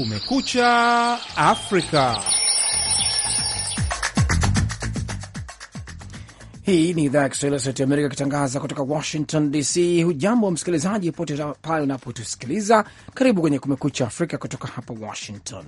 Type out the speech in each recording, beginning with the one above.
Kumekucha Afrika. Hii ni idhaa ya Kiswahili ya Sauti Amerika ikitangaza kutoka Washington DC. Hujambo wa msikilizaji pote pale unapotusikiliza, karibu kwenye Kumekucha Afrika kutoka hapa Washington,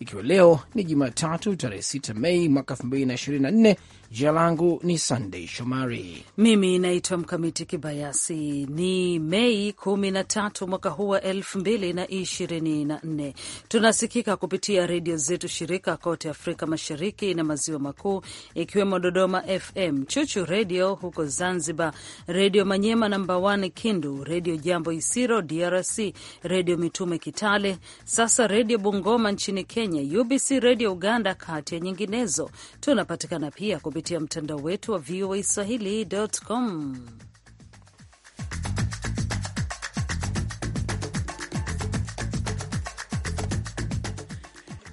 ikiwa leo ni Jumatatu tarehe 6 Mei mwaka 2024 Jina langu ni Sandey Shomari, mimi naitwa Mkamiti Kibayasi. Ni Mei 13 mwaka huu wa 2024. Tunasikika kupitia redio zetu shirika kote Afrika Mashariki na Maziwa Makuu, ikiwemo Dodoma FM, Chuchu Redio huko Zanzibar, Redio Manyema namba 1 Kindu, Redio Jambo Isiro DRC, Redio Mitume Kitale, sasa Redio Bungoma nchini Kenya, UBC Redio Uganda, kati ya nyinginezo. Tunapatikana pia kupitia mtandao wetu wa VOA Swahili.com.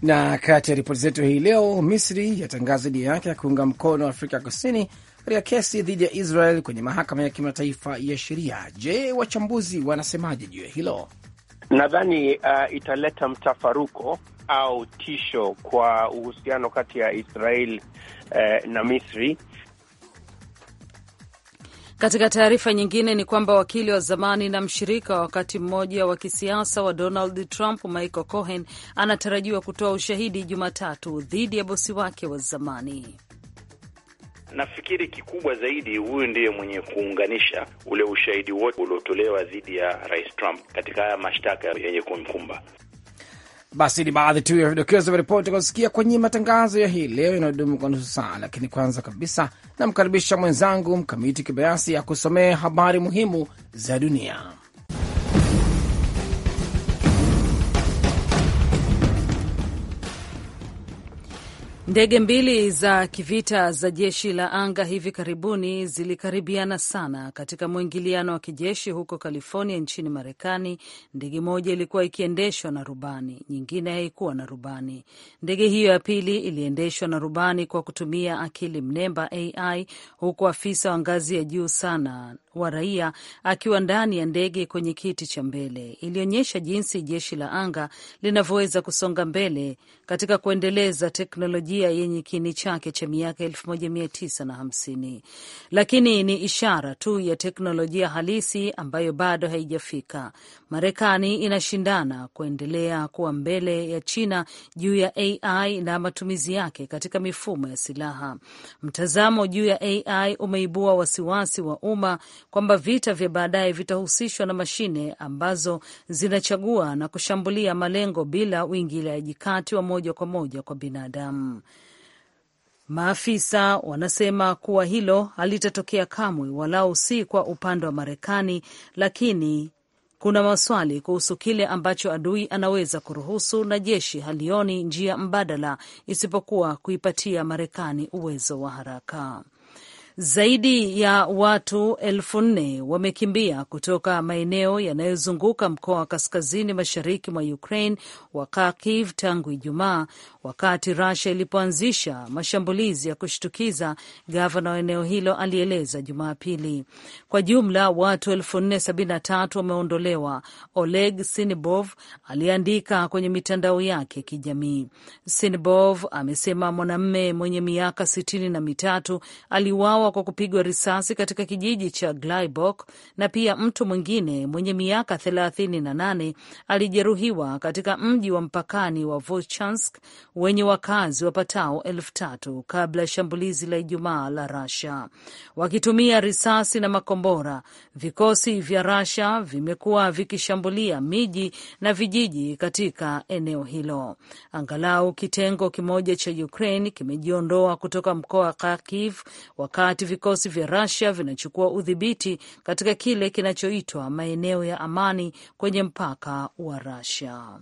Na kati ya ripoti zetu hii leo, Misri yatangaza nia yake ya kuunga mkono Afrika Kusini katika kesi dhidi ya Israel kwenye mahakama ya kimataifa ya sheria. Je, wachambuzi wanasemaje juu ya hilo? Nadhani uh, italeta mtafaruko au tisho kwa uhusiano kati ya Israel eh, na Misri. Katika taarifa nyingine ni kwamba wakili wa zamani na mshirika wa wakati mmoja wa kisiasa wa Donald Trump, Michael Cohen, anatarajiwa kutoa ushahidi Jumatatu dhidi ya bosi wake wa zamani. Nafikiri kikubwa zaidi, huyu ndiye mwenye kuunganisha ule ushahidi wote uliotolewa dhidi ya Rais Trump katika haya mashtaka yenye kumkumba. Basi ni baadhi tu ya vidokezo vya ripoti kusikia kwenye matangazo ya hii leo yanayodumu kwa nusu saa, lakini kwanza kabisa namkaribisha mwenzangu Mkamiti Kibayasi akusomee habari muhimu za dunia. Ndege mbili za kivita za jeshi la anga hivi karibuni zilikaribiana sana katika mwingiliano wa kijeshi huko California nchini Marekani. Ndege moja ilikuwa ikiendeshwa na rubani, nyingine haikuwa na rubani. Ndege hiyo ya pili iliendeshwa na rubani kwa kutumia akili mnemba AI, huku afisa wa ngazi ya juu sana wa raia akiwa ndani ya ndege kwenye kiti cha mbele ilionyesha jinsi jeshi la anga linavyoweza kusonga mbele katika kuendeleza teknolojia yenye kini chake cha miaka 1950 lakini ni ishara tu ya teknolojia halisi ambayo bado haijafika. Marekani inashindana kuendelea kuwa mbele ya China juu ya AI na matumizi yake katika mifumo ya silaha. Mtazamo juu ya AI umeibua wasiwasi wa umma kwamba vita vya baadaye vitahusishwa na mashine ambazo zinachagua na kushambulia malengo bila uingiliaji kati wa moja kwa moja kwa binadamu. Maafisa wanasema kuwa hilo halitatokea kamwe, walau si kwa upande wa Marekani, lakini kuna maswali kuhusu kile ambacho adui anaweza kuruhusu, na jeshi halioni njia mbadala isipokuwa kuipatia Marekani uwezo wa haraka. Zaidi ya watu elfu nne wamekimbia kutoka maeneo yanayozunguka mkoa wa kaskazini mashariki mwa Ukraine wa Kharkiv tangu Ijumaa, wakati Russia ilipoanzisha mashambulizi ya kushtukiza, gavana wa eneo hilo alieleza Jumapili. Kwa jumla watu 473 wameondolewa, Oleg Sinibov aliandika kwenye mitandao yake ya kijamii. Sinibov amesema mwanamme mwenye miaka sitini na mitatu aliuawa kwa kupigwa risasi katika kijiji cha Glaibok na pia mtu mwingine mwenye miaka 38 alijeruhiwa katika mji wa mpakani wa Volchansk wenye wakazi wapatao elfu tatu kabla ya shambulizi la Ijumaa la rasia Wakitumia risasi na makombora, vikosi vya Rasia vimekuwa vikishambulia miji na vijiji katika eneo hilo. Angalau kitengo kimoja cha Ukraine kimejiondoa kutoka mkoa wa Kharkiv wakati vikosi vya Rasia vinachukua udhibiti katika kile kinachoitwa maeneo ya amani kwenye mpaka wa rasia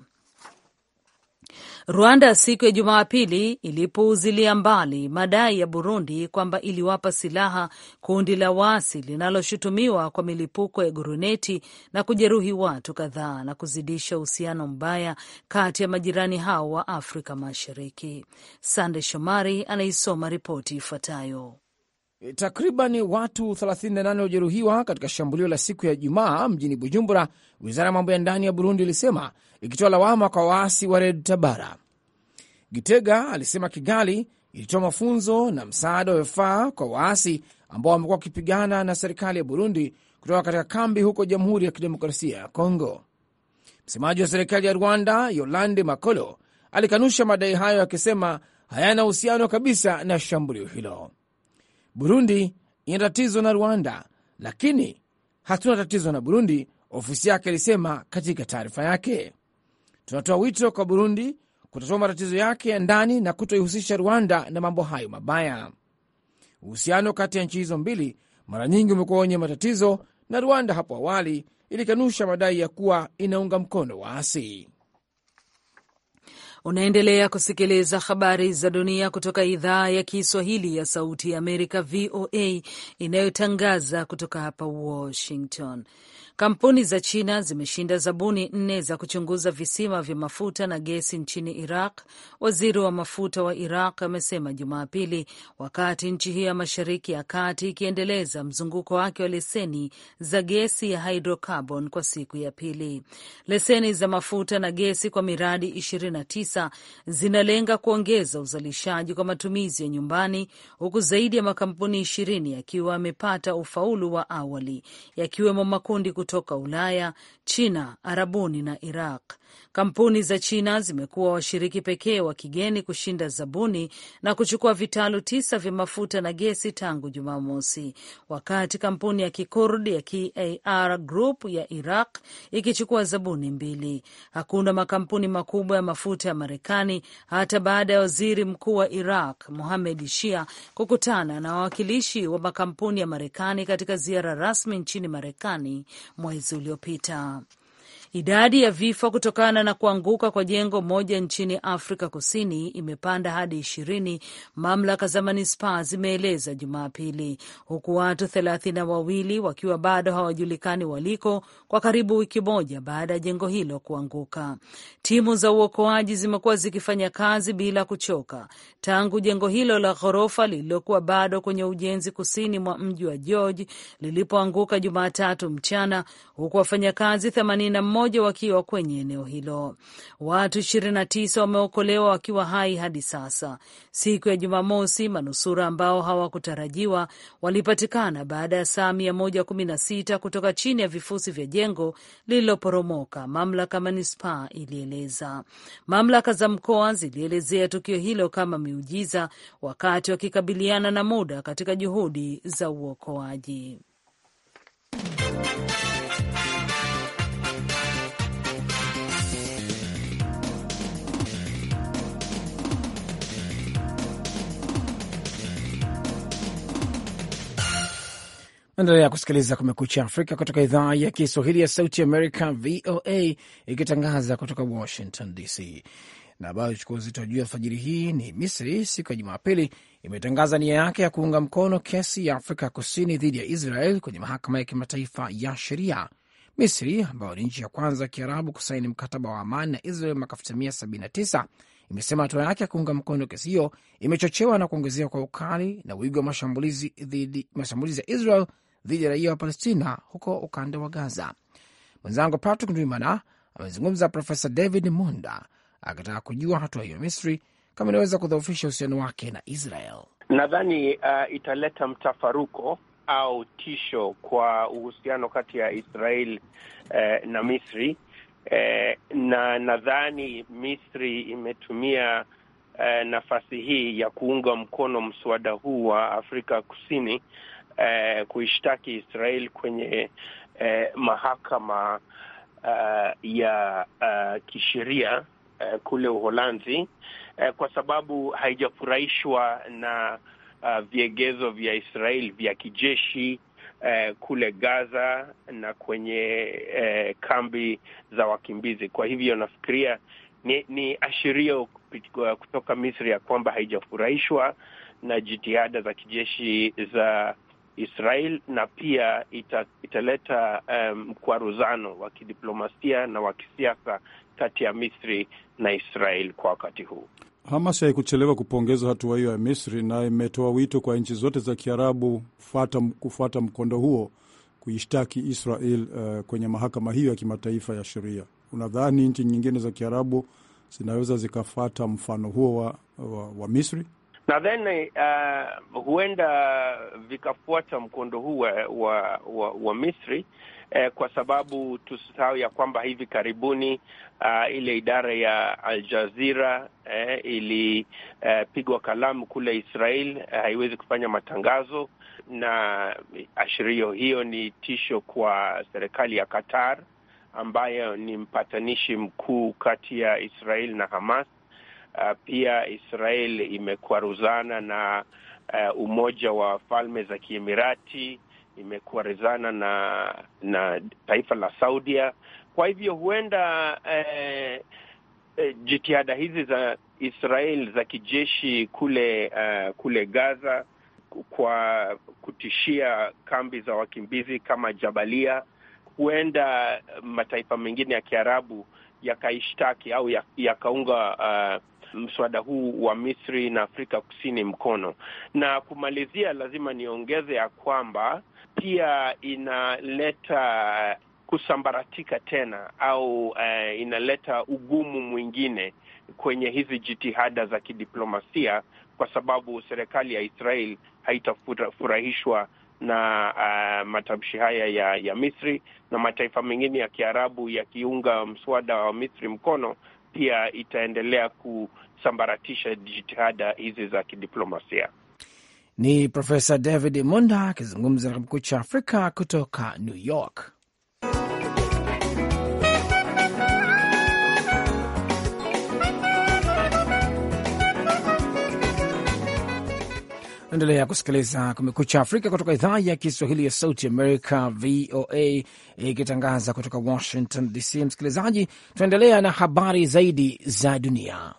Rwanda siku ya Jumapili ilipuuzilia mbali madai ya Burundi kwamba iliwapa silaha kundi la waasi linaloshutumiwa kwa milipuko ya guruneti na kujeruhi watu kadhaa na kuzidisha uhusiano mbaya kati ya majirani hao wa Afrika Mashariki. Sande Shomari anaisoma ripoti ifuatayo. Takriban watu 38 waliojeruhiwa katika shambulio la siku ya jumaa mjini Bujumbura, wizara ya mambo ya ndani ya Burundi ilisema ikitoa lawama kwa waasi wa Red Tabara. Gitega alisema Kigali ilitoa mafunzo na msaada wa vifaa kwa waasi ambao wamekuwa wakipigana na serikali ya Burundi kutoka katika kambi huko Jamhuri ya Kidemokrasia ya Kongo. Msemaji wa serikali ya Rwanda, Yolande Makolo, alikanusha madai hayo akisema hayana uhusiano kabisa na shambulio hilo. Burundi ina tatizo na Rwanda, lakini hatuna tatizo na Burundi, ofisi yake ilisema katika taarifa yake. Tunatoa wito kwa Burundi kutatua matatizo yake ya ndani na kutoihusisha Rwanda na mambo hayo mabaya. Uhusiano kati ya nchi hizo mbili mara nyingi umekuwa wenye matatizo, na Rwanda hapo awali ilikanusha madai ya kuwa inaunga mkono waasi. Unaendelea kusikiliza habari za dunia kutoka idhaa ya Kiswahili ya Sauti ya Amerika, VOA, inayotangaza kutoka hapa Washington. Kampuni za China zimeshinda zabuni nne za kuchunguza visima vya mafuta na gesi nchini Iraq, waziri wa mafuta wa Iraq amesema Jumapili, wakati nchi hiyo ya Mashariki ya Kati ikiendeleza mzunguko wake wa leseni za gesi ya hydrocarbon kwa siku ya pili. Leseni za mafuta na gesi kwa miradi 29 zinalenga kuongeza uzalishaji kwa matumizi ya nyumbani, huku zaidi ya makampuni 20 yakiwa yamepata ufaulu wa awali, yakiwemo makundi kutoka Ulaya, China, Arabuni na Iraq. Kampuni za China zimekuwa washiriki pekee wa kigeni kushinda zabuni na kuchukua vitalu tisa vya mafuta na gesi tangu Jumamosi, wakati kampuni ya Kikurd ya KAR Group ya Iraq ikichukua zabuni mbili. Hakuna makampuni makubwa ya mafuta ya Marekani hata baada ya waziri mkuu wa Iraq muhamed Shia kukutana na wawakilishi wa makampuni ya Marekani katika ziara rasmi nchini Marekani mwezi uliopita. Idadi ya vifo kutokana na kuanguka kwa jengo moja nchini Afrika Kusini imepanda hadi ishirini, mamlaka za manispaa zimeeleza Jumapili, huku watu thelathini na wawili wakiwa bado hawajulikani waliko kwa karibu wiki moja baada ya jengo hilo kuanguka. Timu za uokoaji zimekuwa zikifanya kazi bila kuchoka tangu jengo hilo la ghorofa lililokuwa bado kwenye ujenzi kusini mwa mji wa George lilipoanguka Jumatatu mchana, huku wafanyakazi themanini na mmoja moja wakiwa kwenye eneo hilo. Watu 29 wameokolewa wakiwa hai hadi sasa. Siku ya Jumamosi, manusura ambao hawakutarajiwa walipatikana baada ya saa 116 kutoka chini ya vifusi vya jengo lililoporomoka, mamlaka manispaa ilieleza. Mamlaka za mkoa zilielezea tukio hilo kama miujiza, wakati wakikabiliana na muda katika juhudi za uokoaji. Naendelea kusikiliza Kumekucha Afrika kutoka idhaa ya Kiswahili ya Sauti Amerika, VOA, ikitangaza kutoka Washington DC. Na habari chukua uzito juu ya alfajiri hii ni Misri siku ya Jumapili imetangaza nia yake ya kuunga mkono kesi ya Afrika Kusini dhidi ya Israel kwenye mahakama ya kimataifa ya sheria. Misri ambayo ni nchi ya kwanza ya Kiarabu kusaini mkataba wa amani na Israel mwaka 1979 imesema hatua yake ya kuunga mkono kesi hiyo imechochewa na kuongezeka kwa ukali na wigo wa mashambulizi ya Israel dhidi ya raia wa Palestina huko ukanda wa Gaza. Mwenzangu Patrick Ndwimana amezungumza Profesa David Munda akitaka kujua hatua hiyo Misri kama inaweza kudhoofisha uhusiano wake na Israel. Nadhani uh, italeta mtafaruko au tisho kwa uhusiano kati ya Israel eh, na Misri eh, na nadhani Misri imetumia eh, nafasi hii ya kuunga mkono mswada huu wa Afrika Kusini eh, kuishtaki Israel kwenye eh, mahakama eh, ya eh, kisheria eh, kule Uholanzi eh, kwa sababu haijafurahishwa na uh, viegezo vya Israel vya kijeshi uh, kule Gaza na kwenye uh, kambi za wakimbizi. Kwa hivyo nafikiria ni, ni ashirio kutoka Misri ya kwamba haijafurahishwa na jitihada za kijeshi za Israel na pia ita, italeta um, mkwaruzano um, wa kidiplomasia na wa kisiasa kati ya Misri na Israel kwa wakati huu. Hamas haikuchelewa kupongeza hatua hiyo ya Misri na imetoa wito kwa nchi zote za Kiarabu fata, kufuata mkondo huo kuishtaki Israel uh, kwenye mahakama hiyo ya kimataifa ya sheria. Unadhani nchi nyingine za Kiarabu zinaweza zikafata mfano huo wa, wa, wa Misri? Nadhani uh, huenda vikafuata mkondo huu wa, wa, wa, wa Misri eh, kwa sababu tusisahau ya kwamba hivi karibuni uh, ile idara ya Al Jazeera eh, ilipigwa uh, uh kalamu kule Israel, uh, haiwezi kufanya matangazo, na ashirio hiyo ni tisho kwa serikali ya Qatar ambayo ni mpatanishi mkuu kati ya Israel na Hamas Uh, pia Israel imekwaruzana na uh, Umoja wa Falme za Kiemirati, imekwaruzana na na taifa la Saudia. Kwa hivyo huenda eh, eh, jitihada hizi za Israel za kijeshi kule uh, kule Gaza kwa kutishia kambi za wakimbizi kama Jabalia, huenda mataifa mengine ya Kiarabu yakaishtaki au yakaunga ya mswada huu wa Misri na Afrika Kusini mkono. Na kumalizia, lazima niongeze ya kwamba pia inaleta kusambaratika tena au uh, inaleta ugumu mwingine kwenye hizi jitihada za kidiplomasia kwa sababu serikali ya Israel haitafurahishwa na uh, matamshi haya ya, ya Misri na mataifa mengine ya Kiarabu yakiunga mswada wa Misri mkono pia itaendelea kusambaratisha jitihada hizi za kidiplomasia. Ni Profesa David Monda akizungumza na Kumekucha Afrika kutoka New York. Naendelea kusikiliza Kumekucha Afrika kutoka idhaa ya Kiswahili ya Sauti Amerika, VOA, ikitangaza kutoka Washington DC. Msikilizaji, tunaendelea na habari zaidi za dunia.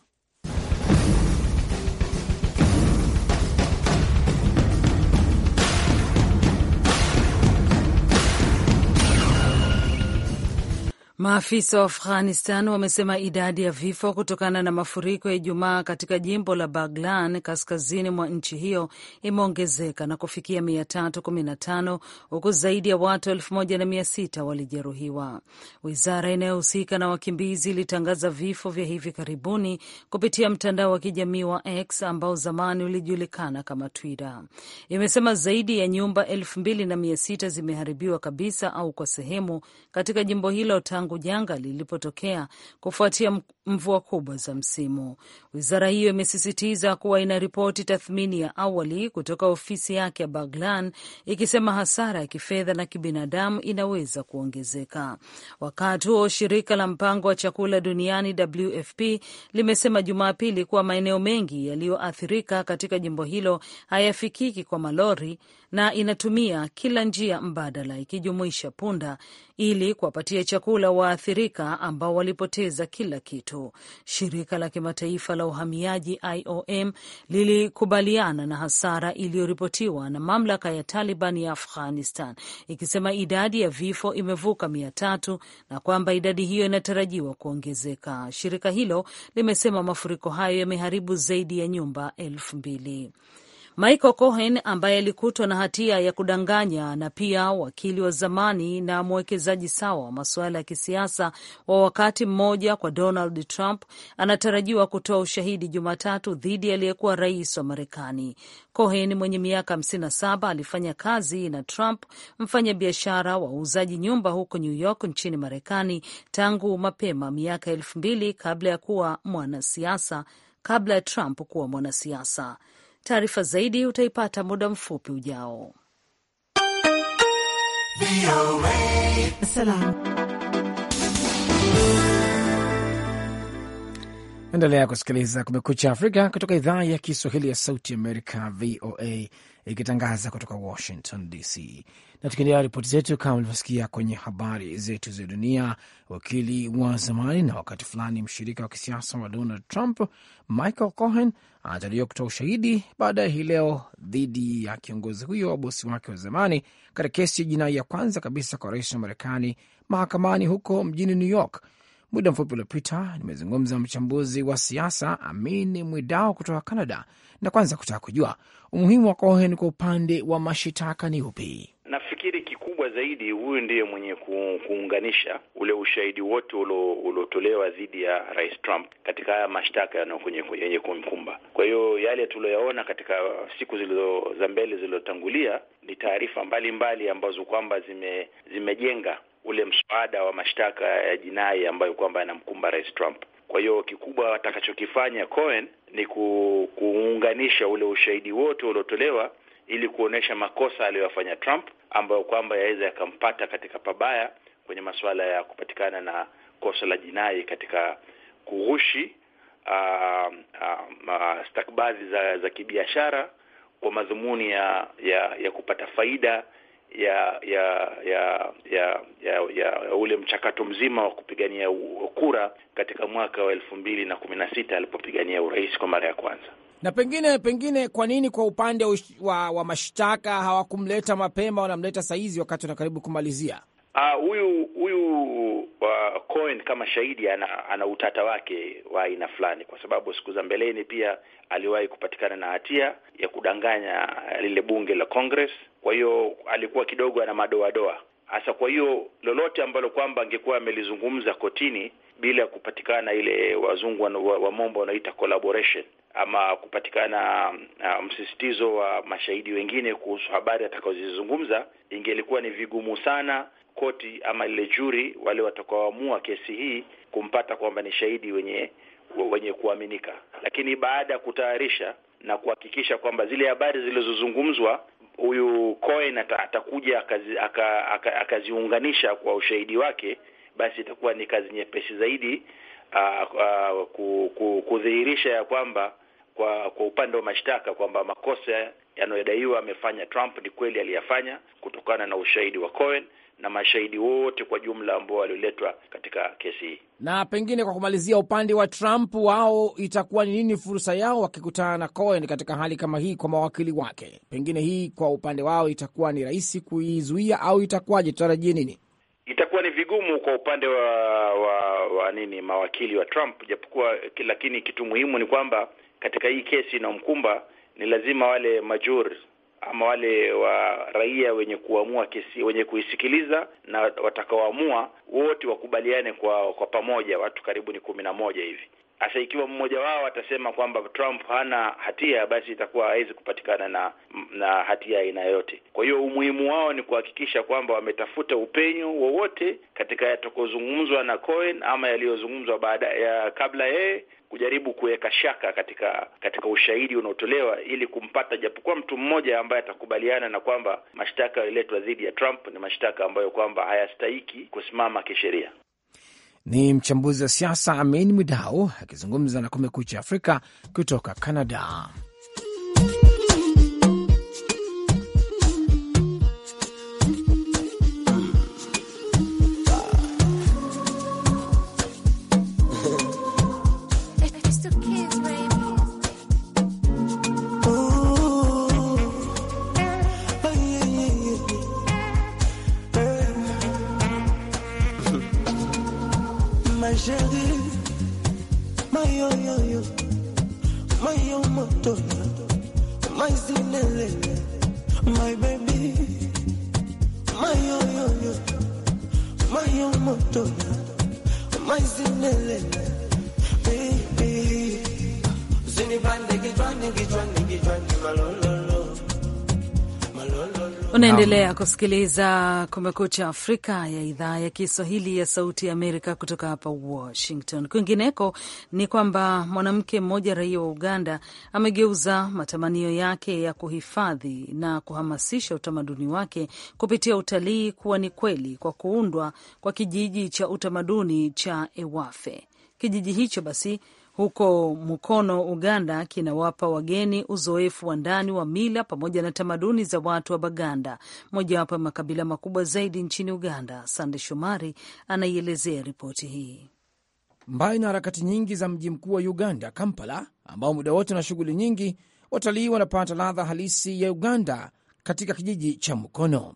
Maafisa wa Afghanistan wamesema idadi ya vifo kutokana na mafuriko ya Ijumaa katika jimbo la Baglan kaskazini mwa nchi hiyo imeongezeka na kufikia 315 huku zaidi ya watu 1600 walijeruhiwa. Wizara inayohusika na wakimbizi ilitangaza vifo vya hivi karibuni kupitia mtandao wa kijamii wa X ambao zamani ulijulikana kama Twitter. Imesema zaidi ya nyumba 2600 zimeharibiwa kabisa au kwa sehemu katika jimbo hilo tangu tangu janga lilipotokea kufuatia mvua kubwa za msimu. Wizara hiyo imesisitiza kuwa ina ripoti tathmini ya awali kutoka ofisi yake ya Baglan ikisema hasara ya kifedha na kibinadamu inaweza kuongezeka. Wakati huo shirika la mpango wa chakula duniani WFP limesema Jumapili kuwa maeneo mengi yaliyoathirika katika jimbo hilo hayafikiki kwa malori na inatumia kila njia mbadala ikijumuisha punda ili kuwapatia chakula waathirika ambao walipoteza kila kitu watoto. Shirika la kimataifa la uhamiaji IOM lilikubaliana na hasara iliyoripotiwa na mamlaka ya Taliban ya Afghanistan, ikisema idadi ya vifo imevuka mia tatu na kwamba idadi hiyo inatarajiwa kuongezeka. Shirika hilo limesema mafuriko hayo yameharibu zaidi ya nyumba elfu mbili. Michael Cohen ambaye alikutwa na hatia ya kudanganya na pia wakili wa zamani na mwekezaji sawa wa masuala ya kisiasa wa wakati mmoja kwa Donald Trump anatarajiwa kutoa ushahidi Jumatatu dhidi aliyekuwa rais wa Marekani. Cohen mwenye miaka 57 alifanya kazi na Trump, mfanyabiashara wa uuzaji nyumba huko New York nchini Marekani, tangu mapema miaka elfu mbili kabla ya kuwa mwanasiasa kabla ya Trump kuwa mwanasiasa. Taarifa zaidi utaipata muda mfupi ujao. Salam. Endelea kusikiliza Kumekucha Afrika kutoka idhaa ya Kiswahili ya Sauti Amerika, VOA, ikitangaza kutoka Washington DC. Na tukiendelea ripoti zetu, kama ulivyosikia kwenye habari zetu za dunia, wakili wa zamani na wakati fulani mshirika wa kisiasa wa Donald Trump, Michael Cohen, anatarajiwa kutoa ushahidi baadaye hii leo dhidi ya kiongozi huyo wa bosi wake wa zamani katika kesi ya jinai ya kwanza kabisa kwa rais wa Marekani mahakamani huko mjini New York Muda mfupi uliopita nimezungumza mchambuzi wa siasa Amin Mwidao kutoka Canada, na kwanza kutaka kujua umuhimu wa Cohen kwa upande wa mashitaka ni upi. Nafikiri kikubwa zaidi, huyu ndiye mwenye kuunganisha ule ushahidi wote uliotolewa dhidi ya Rais Trump katika haya mashtaka yenye kumkumba. Kwa hiyo yale tuliyoyaona katika siku zilizo za mbele zilizotangulia ni taarifa mbalimbali ambazo kwamba zime, zimejenga ule mswada wa mashtaka ya jinai ambayo kwamba yanamkumba Rais Trump. Kwa hiyo kikubwa atakachokifanya Cohen ni ku, kuunganisha ule ushahidi wote uliotolewa ili kuonyesha makosa aliyoyafanya Trump ambayo kwamba yaweza yakampata katika pabaya kwenye masuala ya kupatikana na kosa la jinai katika kughushi uh, uh, stakabadhi za, za kibiashara kwa madhumuni ya, ya ya kupata faida ya ya ya ya ya ya ule mchakato mzima wa kupigania kura katika mwaka wa elfu mbili na kumi na sita alipopigania urais kwa mara ya kwanza. Na pengine pengine, kwa nini kwa upande wa, wa mashtaka hawakumleta mapema, wanamleta saizi wakati wanakaribu kumalizia? Ah, huyu uh, huyu uh, kama shahidi ana, ana utata wake wa aina fulani, kwa sababu siku za mbeleni pia aliwahi kupatikana na hatia ya kudanganya lile bunge la Congress kwa hiyo alikuwa kidogo ana madoadoa hasa. Kwa hiyo lolote ambalo kwamba angekuwa amelizungumza kotini bila kupatikana ile wazungu wa, mombo wanaita collaboration ama kupatikana um, msisitizo wa mashahidi wengine kuhusu habari atakazozizungumza, ingelikuwa ni vigumu sana koti ama lile juri wale watakaoamua kesi hii kumpata kwamba ni shahidi wenye wenye kuaminika. Lakini baada ya kutayarisha na kuhakikisha kwamba zile habari zilizozungumzwa huyu Cohen atakuja akaziunganisha aka, aka kwa ushahidi wake, basi itakuwa ni kazi nyepesi zaidi uh, uh, kudhihirisha ya kwamba kwa kwa upande wa mashtaka kwamba makosa yanayodaiwa amefanya Trump ni kweli aliyafanya kutokana na ushahidi wa Cohen na mashahidi wote kwa jumla ambao walioletwa katika kesi hii. Na pengine kwa kumalizia, upande wa Trump, wao itakuwa ni nini fursa yao wakikutana na Cohen katika hali kama hii kwa mawakili wake? Pengine hii kwa upande wao itakuwa ni rahisi kuizuia au itakuwaje? Tutarajie nini? Itakuwa ni vigumu kwa upande wa, wa, wa nini mawakili wa Trump, japokuwa, lakini kitu muhimu ni kwamba katika hii kesi inayomkumba ni lazima wale majur ama wale wa raia wenye kuamua kesi, wenye kuisikiliza na watakaoamua wote wakubaliane kwa kwa pamoja, watu karibu ni kumi na moja hivi. Hasa ikiwa mmoja wao atasema kwamba Trump hana hatia, basi itakuwa hawezi kupatikana na na hatia aina yoyote. Kwa hiyo umuhimu wao ni kuhakikisha kwamba wametafuta upenyo wowote katika yatakozungumzwa na Cohen ama yaliyozungumzwa baada ya kabla yeye kujaribu kuweka shaka katika katika ushahidi unaotolewa ili kumpata japokuwa mtu mmoja ambaye atakubaliana na kwamba mashtaka yaliyoletwa dhidi ya Trump ni mashtaka ambayo kwamba hayastahiki kusimama kisheria. Ni mchambuzi wa siasa Amin Mwidau akizungumza na Kumekucha Afrika kutoka Canada. chérie, malololo. Unaendelea kusikiliza Kumekucha Afrika ya idhaa ya Kiswahili ya Sauti ya Amerika kutoka hapa Washington. Kwingineko ni kwamba mwanamke mmoja raia wa Uganda amegeuza matamanio yake ya kuhifadhi na kuhamasisha utamaduni wake kupitia utalii kuwa ni kweli kwa kuundwa kwa kijiji cha utamaduni cha Ewafe. Kijiji hicho basi huko Mukono, Uganda, kinawapa wageni uzoefu wa ndani wa mila pamoja na tamaduni za watu wa Baganda, mojawapo ya makabila makubwa zaidi nchini Uganda. Sande Shomari anaielezea ripoti hii. Mbali na harakati nyingi za mji mkuu wa Uganda, Kampala, ambao muda wote na shughuli nyingi, watalii wanapata ladha halisi ya Uganda katika kijiji cha Mukono.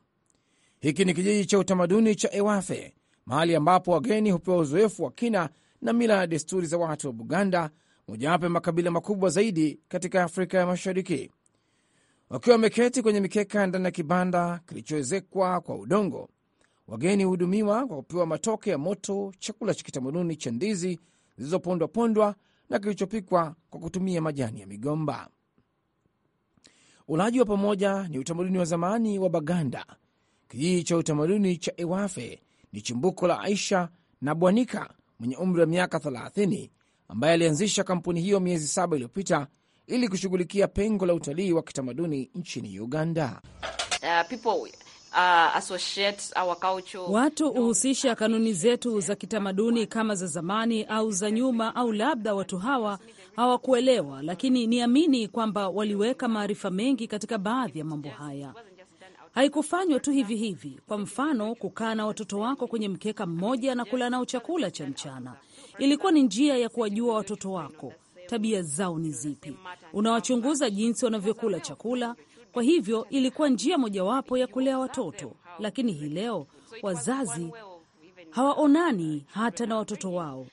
Hiki ni kijiji cha utamaduni cha Ewafe, mahali ambapo wageni hupewa uzoefu wa kina na mila ya desturi za watu wa Buganda, mojawapo ya makabila makubwa zaidi katika Afrika ya Mashariki. Wakiwa wameketi kwenye mikeka ndani ya kibanda kilichoezekwa kwa udongo, wageni huhudumiwa kwa kupewa matoke ya moto, chakula cha kitamaduni cha ndizi zilizopondwa pondwa na kilichopikwa kwa kutumia majani ya migomba. Ulaji wa pamoja ni utamaduni wa zamani wa Baganda. Kijiji cha utamaduni cha Ewafe ni chimbuko la Aisha na Bwanika mwenye umri wa miaka 30 ambaye alianzisha kampuni hiyo miezi saba iliyopita ili kushughulikia pengo la utalii wa kitamaduni nchini Uganda. Uh, people, uh, watu huhusisha kanuni zetu za kitamaduni kama za zamani au za nyuma, au labda watu hawa hawakuelewa, lakini niamini kwamba waliweka maarifa mengi katika baadhi ya mambo haya haikufanywa tu hivi hivi. Kwa mfano, kukaa na watoto wako kwenye mkeka mmoja na kula nao chakula cha mchana, ilikuwa ni njia ya kuwajua watoto wako tabia zao ni zipi, unawachunguza jinsi wanavyokula chakula. Kwa hivyo ilikuwa njia mojawapo ya kulea watoto, lakini hii leo wazazi hawaonani hata na watoto wao,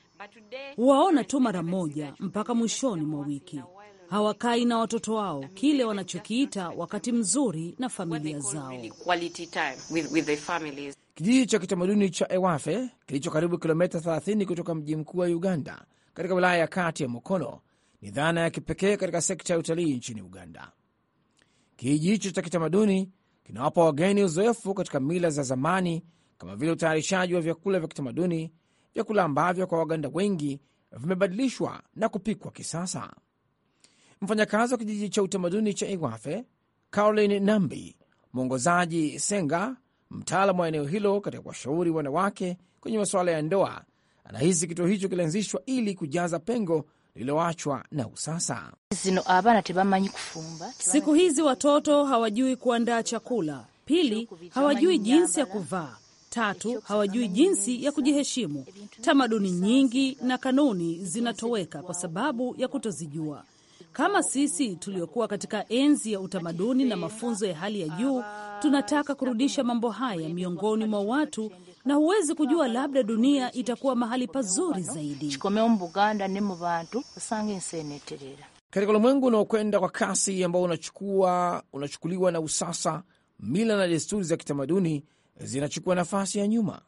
huwaona tu mara moja mpaka mwishoni mwa wiki hawakai na watoto wao kile wanachokiita wakati mzuri na familia zao. Kijiji cha kitamaduni cha Ewafe kilicho karibu kilomita 30 kutoka mji mkuu wa Uganda katika wilaya ya kati ya Mokono ni dhana ya kipekee katika sekta ya utalii nchini Uganda. Kijiji hicho cha kitamaduni kinawapa wageni uzoefu katika mila za zamani kama vile utayarishaji wa vyakula vya kitamaduni, vyakula ambavyo kwa Waganda wengi vimebadilishwa na kupikwa kisasa. Mfanyakazi wa kijiji cha utamaduni cha Igwafe, Caroline Nambi, mwongozaji Senga, mtaalamu wa eneo hilo katika kuwashauri wanawake kwenye masuala ya ndoa, anahisi kituo hicho kilianzishwa ili kujaza pengo lililoachwa na usasa. Siku hizi watoto hawajui kuandaa chakula, pili hawajui jinsi ya kuvaa Tatu, hawajui jinsi ya kujiheshimu. Tamaduni nyingi na kanuni zinatoweka kwa sababu ya kutozijua. Kama sisi tuliokuwa katika enzi ya utamaduni na mafunzo ya hali ya juu, tunataka kurudisha mambo haya miongoni mwa watu, na huwezi kujua, labda dunia itakuwa mahali pazuri zaidi. Katika ulimwengu unaokwenda kwa kasi ambao unachukua unachukuliwa na usasa, mila na desturi za kitamaduni zinachukua nafasi ya nyuma.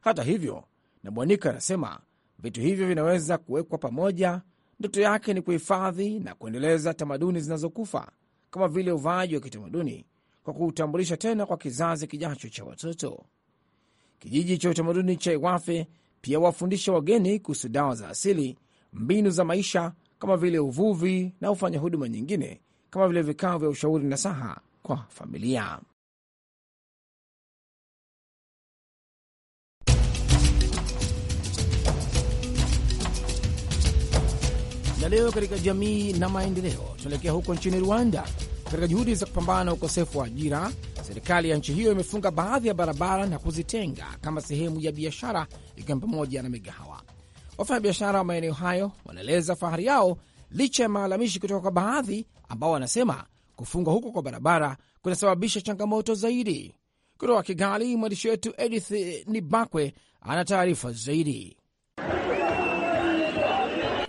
Hata hivyo, Nabwanika anasema vitu hivyo vinaweza kuwekwa pamoja Ndoto yake ni kuhifadhi na kuendeleza tamaduni zinazokufa kama vile uvaaji wa kitamaduni kwa kuutambulisha tena kwa kizazi kijacho cha watoto. Kijiji cha utamaduni cha Iwafe pia wafundisha wageni kuhusu dawa za asili, mbinu za maisha kama vile uvuvi na ufanya huduma nyingine kama vile vikao vya ushauri na saha kwa familia. Na leo katika jamii na maendeleo, tunaelekea huko nchini Rwanda. Katika juhudi za kupambana na ukosefu wa ajira, serikali ya nchi hiyo imefunga baadhi ya barabara na kuzitenga kama sehemu ya biashara, ikiwa pamoja na migahawa. Wafanyabiashara wa maeneo hayo wanaeleza fahari yao licha ya maalamishi kutoka kwa baadhi ambao wanasema kufungwa huko kwa barabara kunasababisha changamoto zaidi. Kutoka Kigali, mwandishi wetu Edith Nibakwe ana taarifa zaidi.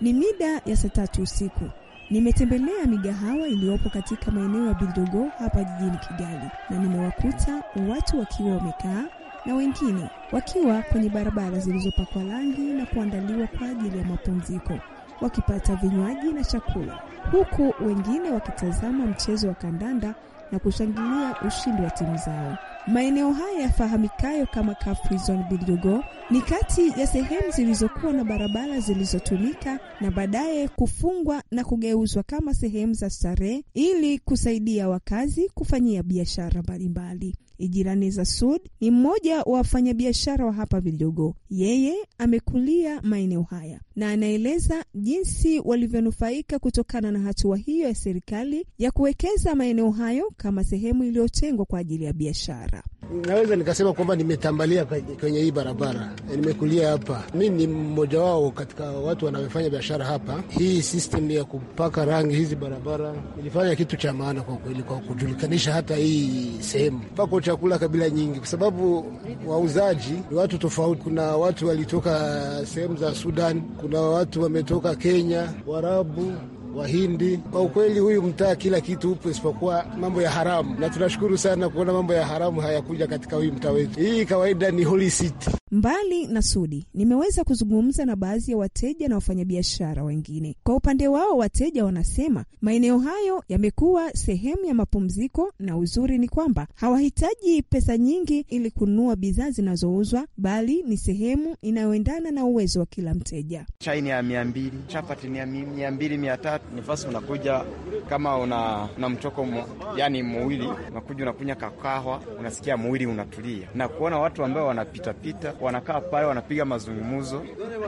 Ni mida ya saa tatu usiku. Nimetembelea migahawa iliyopo katika maeneo ya Bildogo hapa jijini Kigali, na nimewakuta watu wakiwa wamekaa na wengine wakiwa kwenye barabara zilizopakwa rangi na kuandaliwa kwa ajili ya mapumziko, wakipata vinywaji na chakula, huku wengine wakitazama mchezo wa kandanda na kushangilia ushindi wa timu zao. Maeneo haya yafahamikayo kama Carfrison Bulogo ni kati ya sehemu zilizokuwa na barabara zilizotumika na baadaye kufungwa na kugeuzwa kama sehemu za starehe ili kusaidia wakazi kufanyia biashara mbalimbali. Ijiraneza Sud ni mmoja wa wafanyabiashara wa hapa Vidogo. Yeye amekulia maeneo haya na anaeleza jinsi walivyonufaika kutokana na hatua hiyo ya serikali ya kuwekeza maeneo hayo kama sehemu iliyotengwa kwa ajili ya biashara. Naweza nikasema kwamba nimetambalia kwenye hii barabara, nimekulia hapa. Mi ni mmoja wao katika watu wanaofanya biashara hapa. Hii system ya kupaka rangi hizi barabara ilifanya kitu cha maana kwa kweli, kwa kujulikanisha hata hii sehemu. Pako chakula kabila nyingi, kwa sababu wauzaji ni watu tofauti. Kuna watu walitoka sehemu za Sudan, kuna watu wametoka Kenya, Warabu Wahindi. Kwa ukweli, huyu mtaa kila kitu upo isipokuwa mambo ya haramu, na tunashukuru sana kuona mambo ya haramu hayakuja katika huyu mtaa wetu. Hii kawaida ni holy city. Mbali na Sudi, nimeweza kuzungumza na baadhi ya wateja na wafanyabiashara wengine. Kwa upande wao, wateja wanasema maeneo hayo yamekuwa sehemu ya mapumziko, na uzuri ni kwamba hawahitaji pesa nyingi ili kununua bidhaa zinazouzwa, bali ni sehemu inayoendana na uwezo wa kila mteja. Chai ni ya mia mbili, chapati ni ya mia mbili mia tatu nifasi unakuja kama una, una mchoko mu, yani mwili unakuja unakunya kakahwa, unasikia mwili unatulia, na kuona watu ambao wanapitapita wanakaa pale wanapiga mazungumzo,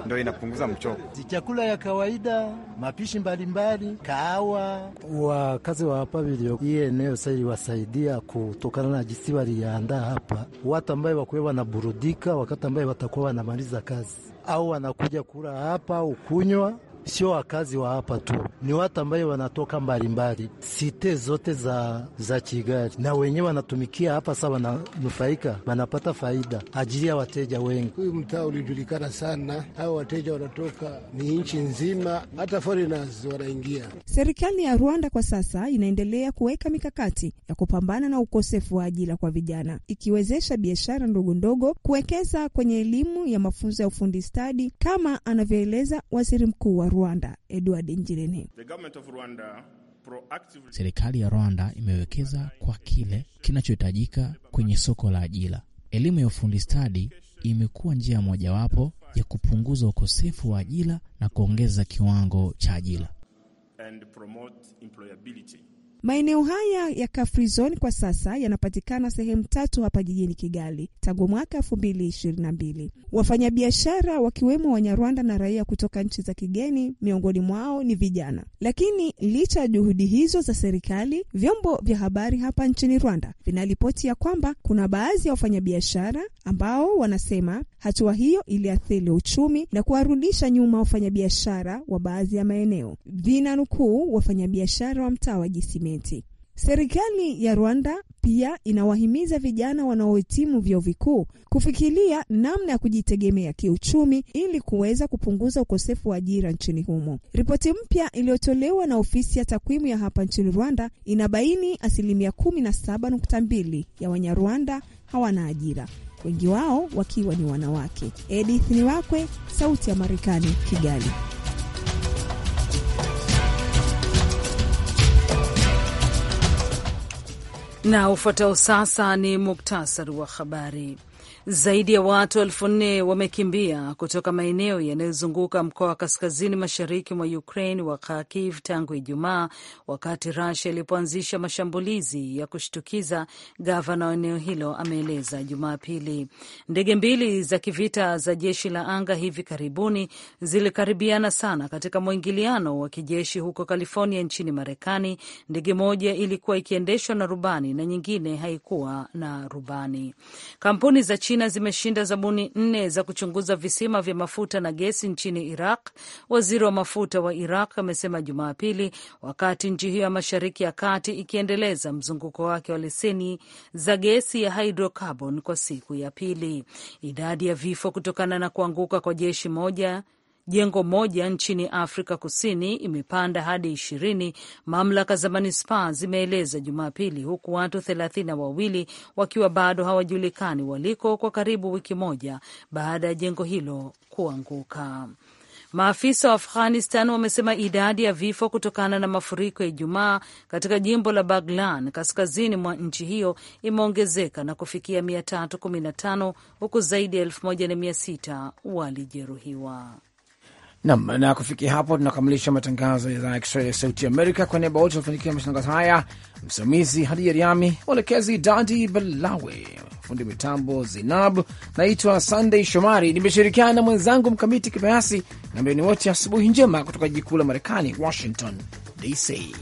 ndio inapunguza mchoko. Chakula ya kawaida, mapishi mbalimbali, kahawa. Wakazi wa hapa vilio hii eneo sasa iliwasaidia kutokana na jinsi waliandaa hapa, watu ambaye wakuwa wanaburudika wakati ambaye watakuwa wanamaliza kazi au wanakuja kula hapa au kunywa sio wakazi wa hapa tu, ni watu ambayo wanatoka mbalimbali site zote za, za Kigali, na wenyewe wanatumikia hapa. Sasa wananufaika, wanapata faida ajili ya wateja wengi. Huyu mtaa ulijulikana sana, hao wateja wanatoka ni nchi nzima, hata foreigners wanaingia. Serikali ya Rwanda kwa sasa inaendelea kuweka mikakati ya kupambana na ukosefu wa ajira kwa vijana, ikiwezesha biashara ndogo ndogo, kuwekeza kwenye elimu ya mafunzo ya ufundi stadi, kama anavyoeleza waziri mkuu wa Rwanda Edward Ngirente. Serikali ya Rwanda imewekeza kwa kile kinachohitajika kwenye soko la ajira. Elimu ya ufundi stadi imekuwa njia mojawapo ya kupunguza ukosefu wa ajira na kuongeza kiwango cha ajira. And promote employability. Maeneo haya ya Kafri Zone kwa sasa yanapatikana sehemu tatu hapa jijini Kigali tangu mwaka 2022. Wafanyabiashara wakiwemo Wanyarwanda na raia kutoka nchi za kigeni, miongoni mwao ni vijana. Lakini licha ya juhudi hizo za serikali, vyombo vya habari hapa nchini Rwanda vinaripoti ya kwamba kuna baadhi ya wafanyabiashara ambao wanasema hatua hiyo iliathiri uchumi na kuwarudisha nyuma wafanyabiashara wa baadhi ya maeneo. Vinanukuu wafanyabiashara wa mtaa wa Jisime miti. Serikali ya Rwanda pia inawahimiza vijana wanaohitimu vyuo vikuu kufikiria namna ya kujitegemea kiuchumi ili kuweza kupunguza ukosefu wa ajira nchini humo. Ripoti mpya iliyotolewa na ofisi ya takwimu ya hapa nchini Rwanda inabaini asilimia kumi na saba nukta mbili ya Wanyarwanda hawana ajira, wengi wao wakiwa ni wanawake. Edith wakwe Sauti ya Marekani, Kigali. Na ufuatao sasa ni muktasari wa habari. Zaidi ya watu elfu nne wamekimbia kutoka maeneo yanayozunguka mkoa wa kaskazini mashariki mwa Ukraine wa Kharkiv tangu Ijumaa, wakati Russia ilipoanzisha mashambulizi ya kushtukiza, gavana wa eneo hilo ameeleza Jumapili. Ndege mbili za kivita za jeshi la anga hivi karibuni zilikaribiana sana katika mwingiliano wa kijeshi huko California nchini Marekani. Ndege moja ilikuwa ikiendeshwa na rubani na nyingine haikuwa na rubani. Kampuni za China China zimeshinda zabuni nne za kuchunguza visima vya mafuta na gesi nchini Iraq, waziri wa mafuta wa Iraq amesema Jumapili, wakati nchi hiyo ya Mashariki ya Kati ikiendeleza mzunguko wake wa leseni za gesi ya hydrocarbon kwa siku ya pili. Idadi ya vifo kutokana na kuanguka kwa jeshi moja Jengo moja nchini Afrika Kusini imepanda hadi ishirini, mamlaka za manispaa zimeeleza Jumapili, huku watu thelathini na wawili wakiwa bado hawajulikani waliko kwa karibu wiki moja baada ya jengo hilo kuanguka. Maafisa wa Afghanistan wamesema idadi ya vifo kutokana na mafuriko ya Ijumaa katika jimbo la Baglan kaskazini mwa nchi hiyo imeongezeka na kufikia 315 huku zaidi ya 1600 walijeruhiwa. Nam na kufikia hapo tunakamilisha matangazo ya idhaa ya Kiswahili ya Sauti Amerika. Kwa niaba wote wafanikia matangazo haya, msimamizi hadi yariami mwelekezi Dadi Balawe, fundi mitambo Zinab. Naitwa Sandey Shomari, nimeshirikiana na mwenzangu Mkamiti Kibayasi na mbeni wote, asubuhi njema kutoka jiji kuu la Marekani, Washington DC.